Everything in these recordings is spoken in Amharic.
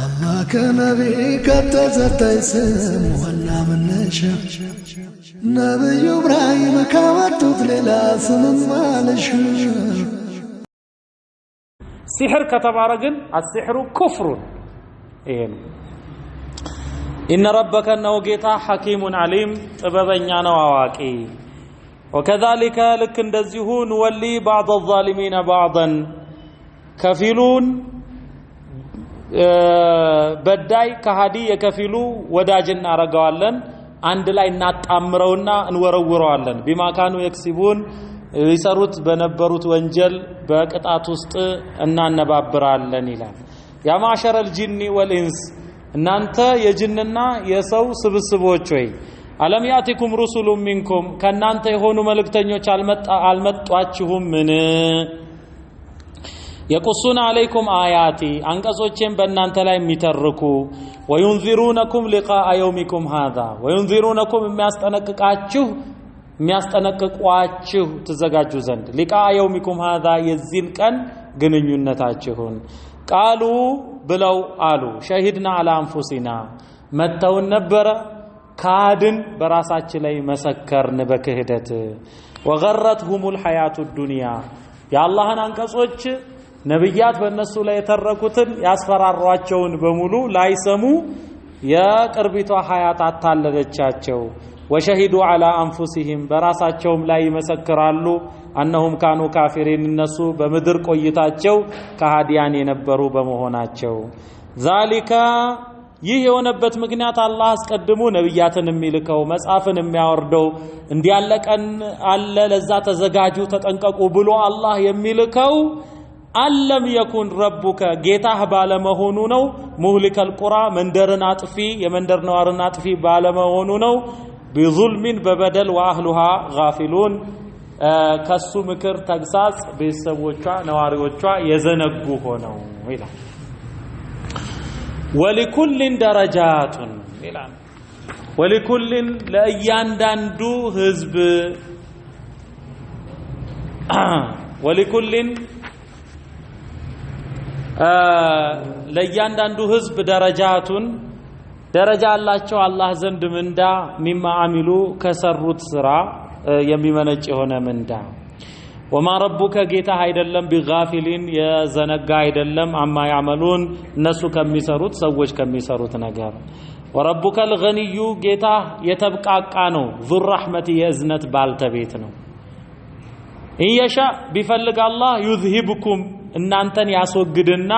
አላህ ከነቢ ከተዘታይ ስም ዋና መነሻ ነብዩ ኢብራሂም ካመጡት ሌላ ስምም አለሽ። ሲሕር ከተባረ ግን አሲሕሩ ኩፍሩን ይሄ ነው። ኢነ ረበከ እነሆ ጌታ ሐኪሙን ዓሊም ጥበበኛ ነው አዋቂ። ወከዛሊከ ልክ እንደዚሁ ንወሊ ባዕድ አዛሊሚነ ባዕደን ከፊሉን በዳይ ከሃዲ የከፊሉ ወዳጅ እናረገዋለን። አንድ ላይ እናጣምረውና እንወረውረዋለን። ቢማካኑ የክሲቡን ይሰሩት በነበሩት ወንጀል በቅጣት ውስጥ እናነባብራለን ይላል። ያማሸረል ጂኒ ወልኢንስ እናንተ የጅንና የሰው ስብስቦች ወይ አለም ያቲኩም ሩሱሉ ሚንኩም ከእናንተ የሆኑ መልእክተኞች አልመጧችሁምን? የቁሱን አለይኩም አያቲ አንቀጾቼን በእናንተ ላይ የሚተርኩ ወዩንዚሩነኩም ሊቃአ የውሚኩም ሃዛ ወዩንዚሩነኩም የሚያስጠነቅቃችሁ የሚያስጠነቅቋችሁ ትዘጋጁ ዘንድ ሊቃአ የውሚኩም ሃዛ የዚህን ቀን ግንኙነታችሁን ቃሉ ብለው አሉ ሸሂድና አላ አንፉሲና መተውን ነበረ ካድን በራሳችን ላይ መሰከርን በክህደት ወገረትሁሙል ሐያቱ ዱንያ የአላህን አንቀጾች ነብያት በእነሱ ላይ የተረኩትን ያስፈራሯቸውን በሙሉ ላይሰሙ የቅርቢቷ ሀያት አታለለቻቸው። ወሸሂዱ ዐላ አንፉሲሂም በራሳቸውም ላይ ይመሰክራሉ። አነሁም ካኑ ካፊሪን እነሱ በምድር ቆይታቸው ከሃዲያን የነበሩ በመሆናቸው ዛሊካ ይህ የሆነበት ምክንያት አላህ አስቀድሞ ነብያትን የሚልከው መጽሐፍን የሚያወርደው እንዲያለቀን አለ፣ ለዛ ተዘጋጁ፣ ተጠንቀቁ ብሎ አላህ የሚልከው አለም የኩን ረቡከ ጌታህ ባለመሆኑ ነው። ሙህሊከል ቁራ መንደርን አጥፊ የመንደር ነዋርን አጥፊ ባለመሆኑ ነው። ቢዙልሚን በበደል ወአህሉሃ ጋፊሉን ከሱ ምክር ተግሳጽ ቤተሰቦቿ ነዋሪዎቿ የዘነጉ ሆነው ይላል። ወሊኩልን ደረጃቱን ይላል። ወሊኩልን ለእያንዳንዱ ህዝብ ወሊኩልን ለእያንዳንዱ ህዝብ ደረጃቱን ደረጃ አላቸው አላህ ዘንድ ምንዳ ሚማ አሚሉ ከሰሩት ስራ የሚመነጭ የሆነ ምንዳ ወማ ረቡከ ጌታህ አይደለም ቢጋፊሊን የዘነጋ አይደለም አማ ያመሉን እነሱ ከሚሰሩት ሰዎች ከሚሰሩት ነገር ወረቡከ ልገንዩ ጌታ የተብቃቃ ነው ዙራሕመቲ የእዝነት ባልተቤት ነው ኢንየሻእ ቢፈልግ አላህ ዩዝሂብኩም እናንተን ያስወግድና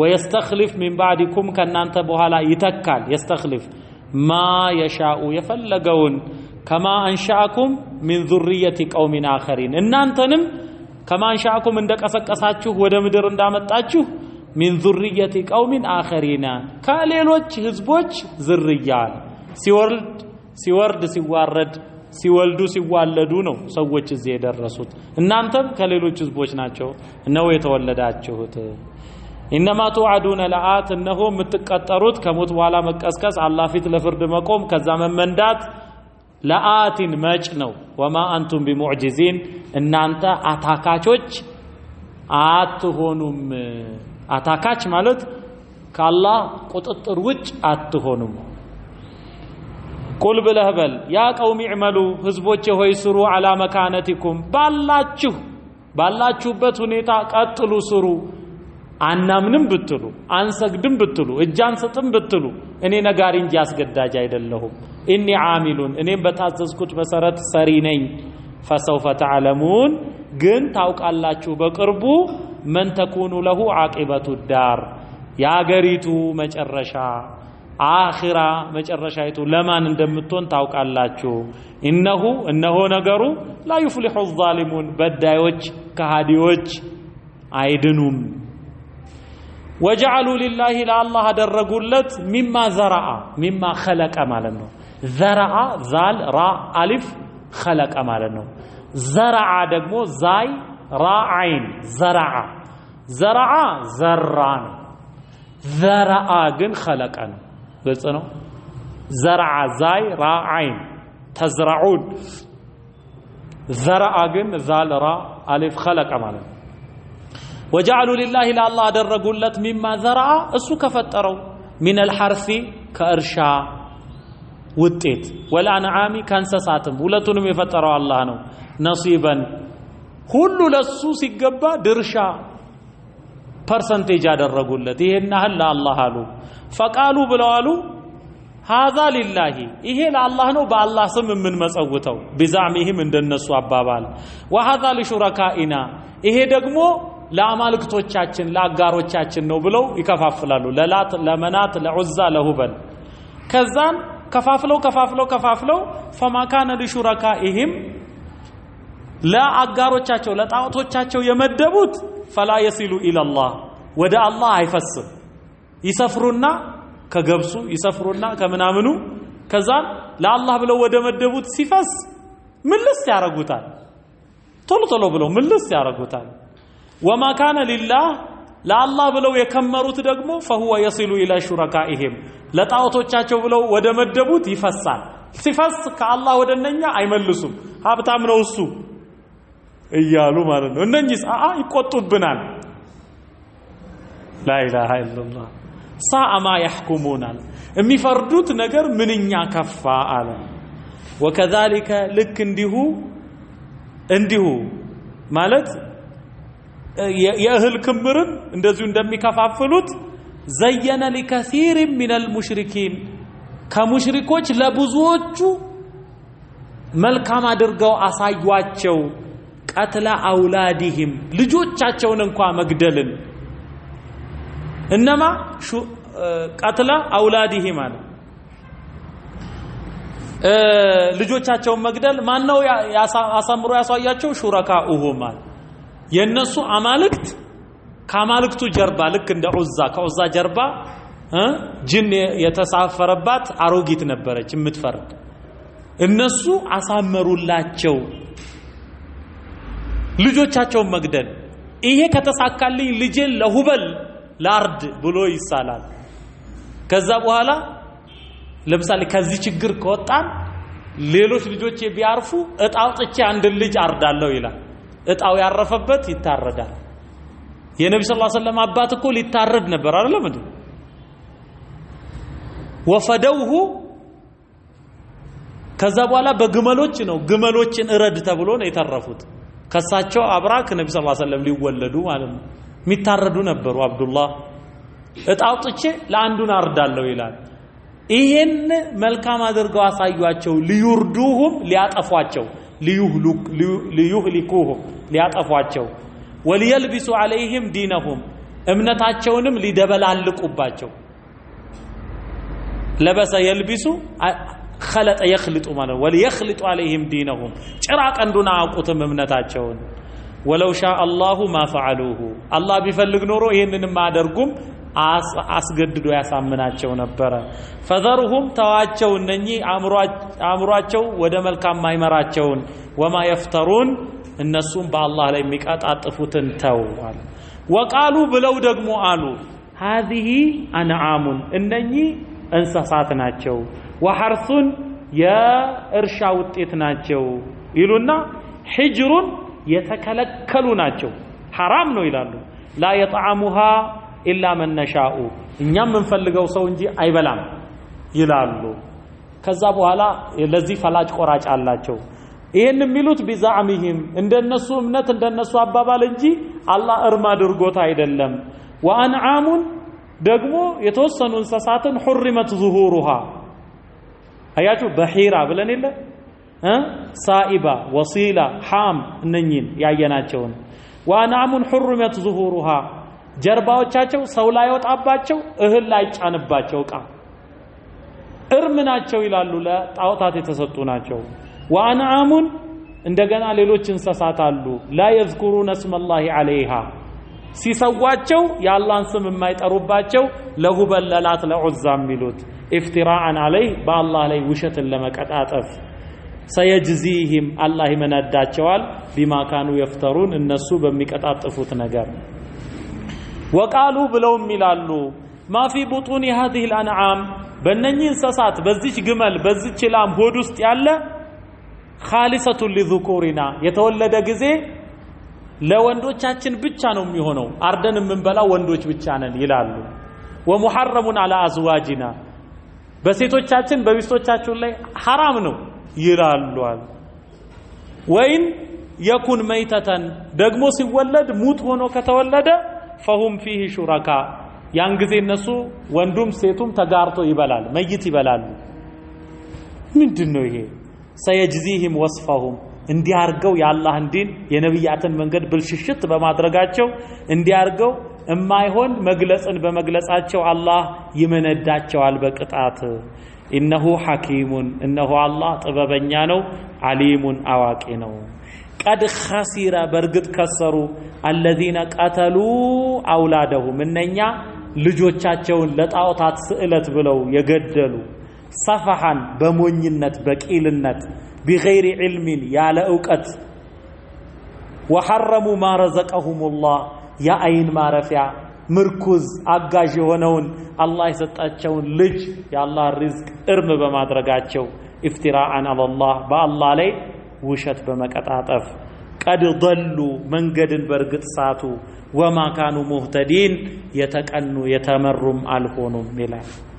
ወየስተኽሊፍ ሚን ባዕዲኩም ከእናንተ በኋላ ይተካል። የስተኽሊፍ ማ የሻኡ የፈለገውን ከማ አንሻአኩም ሚን ዙርየቲ ቀውሚን አኸሪን እናንተንም ከማ አንሻአኩም እንደቀሰቀሳችሁ ወደ ምድር እንዳመጣችሁ ሚን ዙርየቲ ቀውሚን አኸሪና ከሌሎች ህዝቦች ዝርያ ሲወርድ ሲወርድ ሲዋረድ ሲወልዱ ሲዋለዱ ነው ሰዎች እዚህ የደረሱት። እናንተም ከሌሎች ህዝቦች ናቸው ነው የተወለዳችሁት። ኢነማ ቱዓዱነ ለአት፣ እነሆ የምትቀጠሩት ከሞት በኋላ መቀስቀስ፣ አላህ ፊት ለፍርድ መቆም፣ ከዛ መመንዳት ለአቲን መጭ ነው። ወማ አንቱም ቢሙዕጂዚን፣ እናንተ አታካቾች አትሆኑም። አታካች ማለት ከአላህ ቁጥጥር ውጭ አትሆኑም። ቁል ብለህ በል ያ ቀውም ዕመሉ ህዝቦቼ ሆይ ስሩ አላ መካነቲኩም ባላችሁ ባላችሁበት ሁኔታ ቀጥሉ ስሩ። አናምንም ብትሉ አንሰግድም ብትሉ እጅ አንሰጥም ብትሉ እኔ ነጋሪ እንጂ አስገዳጅ አይደለሁም። እኒ ዓሚሉን እኔም በታዘዝኩት መሰረት ሰሪ ነኝ። ፈሰውፈ ተዕለሙን ግን ታውቃላችሁ በቅርቡ መን ተኩኑ ለሁ ዓቂበቱ ዳር የአገሪቱ መጨረሻ አኺራ መጨረሻይቱ ለማን እንደምትሆን ታውቃላችሁ። እነሁ እነሆ ነገሩ ላ ዩፍሊሑ ዛሊሙን በዳዮች ከሃዲዎች አይድኑም። ወጀዐሉ ሊላሂ ለአላህ አደረጉለት ሚማ ዘረአ ሚማ ኸለቀ ማለት ነው። ዘረአ ዛል ራ አሊፍ ኸለቀ ማለት ነው። ዘረአ ደግሞ ዛይ ራ አይን ዘረአ ዘረአ ዘራ ነው። ዘረአ ግን ኸለቀ ነው። ግልጽ ነው። ዘርዓ ዛይ ራ ዓይን ተዝራዑን ዘረአ ግን ዛል ራ አሊፍ ኸለቀ ማለት ነው። ወጀዐሉ ሊላሂ ለአላህ አደረጉለት ሚማ ዘርአ እሱ ከፈጠረው ሚን አልሐርሲ ከእርሻ ውጤት ወልአንዓሚ ከእንስሳትም ሁለቱንም የፈጠረው አላህ ነው። ነሲበን ሁሉ ለሱ ሲገባ ድርሻ ፐርሰንቴጅ አደረጉለት። ይሄን ያህል ለአላህ አሉ። ፈቃሉ ብለዋሉ ሀዛ ሊላሂ ይሄ ለአላህ ነው በአላህ ስም የምንመጸውተው ቢዛዕሚህም እንደነሱ አባባል ወሃዛ ሊሹረካኢና ይሄ ደግሞ ለአማልክቶቻችን ለአጋሮቻችን ነው ብለው ይከፋፍላሉ ለላት ለመናት ለዑዛ ለሁበል ከዛን ከፋፍለው ከፋፍለው ከፋፍለው ፈማካነ ሊሹረካኢህም ለአጋሮቻቸው ለጣዖቶቻቸው የመደቡት ፈላ የሲሉ ኢለላህ ወደ አላህ አይፈስም ይሰፍሩና ከገብሱ ይሰፍሩና ከምናምኑ ከዛን ለአላህ ብለው ወደ መደቡት ሲፈስ ምልስ ያረጉታል። ቶሎ ቶሎ ብለው ምልስ ያረጉታል። ወማ ካነ ሊላህ ለአላህ ብለው የከመሩት ደግሞ ፈሁወ የሲሉ ኢላ ሹረካኢሂም ለጣዖቶቻቸው ብለው ወደ መደቡት ይፈሳል። ሲፈስ ከአላህ ወደ እነኛ አይመልሱም። ሀብታም ነው እሱ እያሉ ማለት ነው። እነኚህ አአ ይቆጡብናል። ላኢላሃ ኢለላህ ሳአማ ያሕኩሙናል የሚፈርዱት ነገር ምንኛ ከፋ አለ። ወከዛሊከ ልክ እንዲሁ እንዲሁ ማለት የእህል ክምርን እንደዚሁ እንደሚከፋፍሉት ዘየነ ሊከሲር ሚነል ሙሽሪኪን ከሙሽሪኮች ለብዙዎቹ መልካም አድርገው አሳዩአቸው። ቀትለ አውላዲህም ልጆቻቸውን እንኳ መግደልን እነማ ቀትላ አውላዲህ ማለት ልጆቻቸውን መግደል ማን ነው አሳምሮ ያሳያቸው? ሹረካ ኡሁማል የእነሱ አማልክት ከአማልክቱ ጀርባ ልክ እንደ ዑዛ ከዑዛ ጀርባ ጅን የተሳፈረባት አሮጊት ነበረች የምትፈርድ። እነሱ አሳመሩላቸው ልጆቻቸውን መግደል። ይሄ ከተሳካልኝ ልጄን ለሁበል ላርድ ብሎ ይሳላል። ከዛ በኋላ ለምሳሌ ከዚህ ችግር ከወጣን ሌሎች ልጆቼ ቢያርፉ እጣው አውጥቼ አንድ ልጅ አርዳለሁ ይላል። እጣው ያረፈበት ይታረዳል። የነቢ ሰለላሁ ሰለም አባት እኮ ሊታረድ ነበር አይደለም እንዴ? ወፈደውሁ ከዛ በኋላ በግመሎች ነው ግመሎችን እረድ ተብሎ ነው የተረፉት። ከሳቸው አብራክ ነቢ ሰለላሁ ዐለይሂ ሊወለዱ ማለት ነው። የሚታረዱ ነበሩ። አብዱላህ እጣውጥቼ ለአንዱን አርዳለሁ ይላል። ይሄን መልካም አድርገው አሳዩአቸው። ሊዩርዱሁም ሊያጠፏቸው፣ ሊዩህሊኩሁም ሊያጠፏቸው፣ ወሊየልቢሱ አለይህም ዲነሁም እምነታቸውንም ሊደበላልቁባቸው። ለበሰ የልቢሱ ከለጠ የኽልጡ ማለት ነው። ወሊየኽልጡ አለይህም ዲነሁም ጭራ ቀንዱን አያውቁትም እምነታቸውን ወለው ሻ አላሁ ማፈዓሉሁ አላህ ቢፈልግ ኖሮ ይህንንም አደርጉም አስገድዶ ያሳምናቸው ነበረ። ፈዘርሁም ተዋቸው፣ እነኚህ አእምሯቸው ወደ መልካም ማይመራቸውን ወማ የፍተሩን እነሱም በአላህ ላይ የሚቀጣጥፉትን ተው አለ። ወቃሉ ብለው ደግሞ አሉ ሀዚህ አንዓሙን እነኚህ እንስሳት ናቸው፣ ወሐርሱን የእርሻ ውጤት ናቸው ይሉና ሂጅሩን የተከለከሉ ናቸው ሐራም ነው ይላሉ ላ የጣዓሙሃ ኢላ መነሻኡ እኛም የምንፈልገው ሰው እንጂ አይበላም ይላሉ ከዛ በኋላ ለዚህ ፈላጭ ቆራጭ አላቸው ይህን የሚሉት ቢዛዕሚህም እንደነሱ እምነት እንደነሱ አባባል እንጂ አላህ እርም አድርጎት አይደለም ወአንዓሙን ደግሞ የተወሰኑ እንስሳትን ሑሪመት ዙሁሩሃ አያችሁ በሒራ ብለን የለ ሳኢባ፣ ወሲላ፣ ሐም እነኚህን ያየናቸውን ወአንዓሙን ሁርመት ዙሁሩሃ ጀርባዎቻቸው ሰው ላይወጣባቸው እህል ላይጫንባቸው ዕቃ እርም ናቸው ይላሉ። ለጣዖታት የተሰጡ ናቸው። ወአንዓሙን እንደገና ሌሎች እንስሳት አሉ። ላ የዝኩሩነ እስመላሂ ዐለይሃ ሲሰዋቸው የአላህን ስም የማይጠሩባቸው ለሁበል ለላት ለዑዛ የሚሉት ኢፍቲራአን ዐለይህ በአላህ ላይ ውሸትን ለመቀጣጠፍ ሰየጅዚህም አላህ ይመነዳቸዋል። ቢማካኑ የፍተሩን እነሱ በሚቀጣጥፉት ነገር ወቃሉ ብለውም ይላሉ ማፊ ቡጡኒ ሀዚህ ልአንዓም በእነኚህ እንስሳት በዚች ግመል በዚች ላም ሆድ ውስጥ ያለ ካሊሰቱን ሊዙኩሪና የተወለደ ጊዜ ለወንዶቻችን ብቻ ነው የሚሆነው፣ አርደን የምንበላው ወንዶች ብቻ ነን ይላሉ። ወሙሐረሙን አላ አዝዋጂና በሴቶቻችን በሚስቶቻችን ላይ ሐራም ነው ይላሏል። ወይን የኩን መይተተን ደግሞ ሲወለድ ሙት ሆኖ ከተወለደ ፈሁም ፊህ ሹረካ ያን ጊዜ እነሱ ወንዱም ሴቱም ተጋርቶ ይበላል፣ መይት ይበላሉ። ምንድን ነው ይሄ? ሰየጅዚህም ወስፈሁም እንዲያርገው የአላህን ዲን የነቢያትን መንገድ ብልሽሽት በማድረጋቸው እንዲያርገው የማይሆን መግለጽን በመግለጻቸው አላህ ይመነዳቸዋል በቅጣት ኢነሁ ሐኪሙን እነሆ አላህ ጥበበኛ ነው፣ አሊሙን አዋቂ ነው። ቀድ ኸሲረ በእርግጥ ከሰሩ አለዚነ ቀተሉ አውላደሁም እነኛ ልጆቻቸውን ለጣዖታት ስዕለት ብለው የገደሉ ሰፈሐን በሞኝነት በቂልነት ቢገይሪ ዕልሚን ያለ እውቀት ወሐረሙ ማ ረዘቀሁሙላህ የአይን ማረፊያ ምርኩዝ አጋዥ የሆነውን አላህ የሰጣቸውን ልጅ የአላህ ሪዝቅ እርም በማድረጋቸው ኢፍቲራአን አለላህ በአላህ ላይ ውሸት በመቀጣጠፍ ቀድ ደሉ መንገድን በእርግጥ ሳቱ ወማካኑ ሙህተዲን የተቀኑ የተመሩም አልሆኑም ይላል።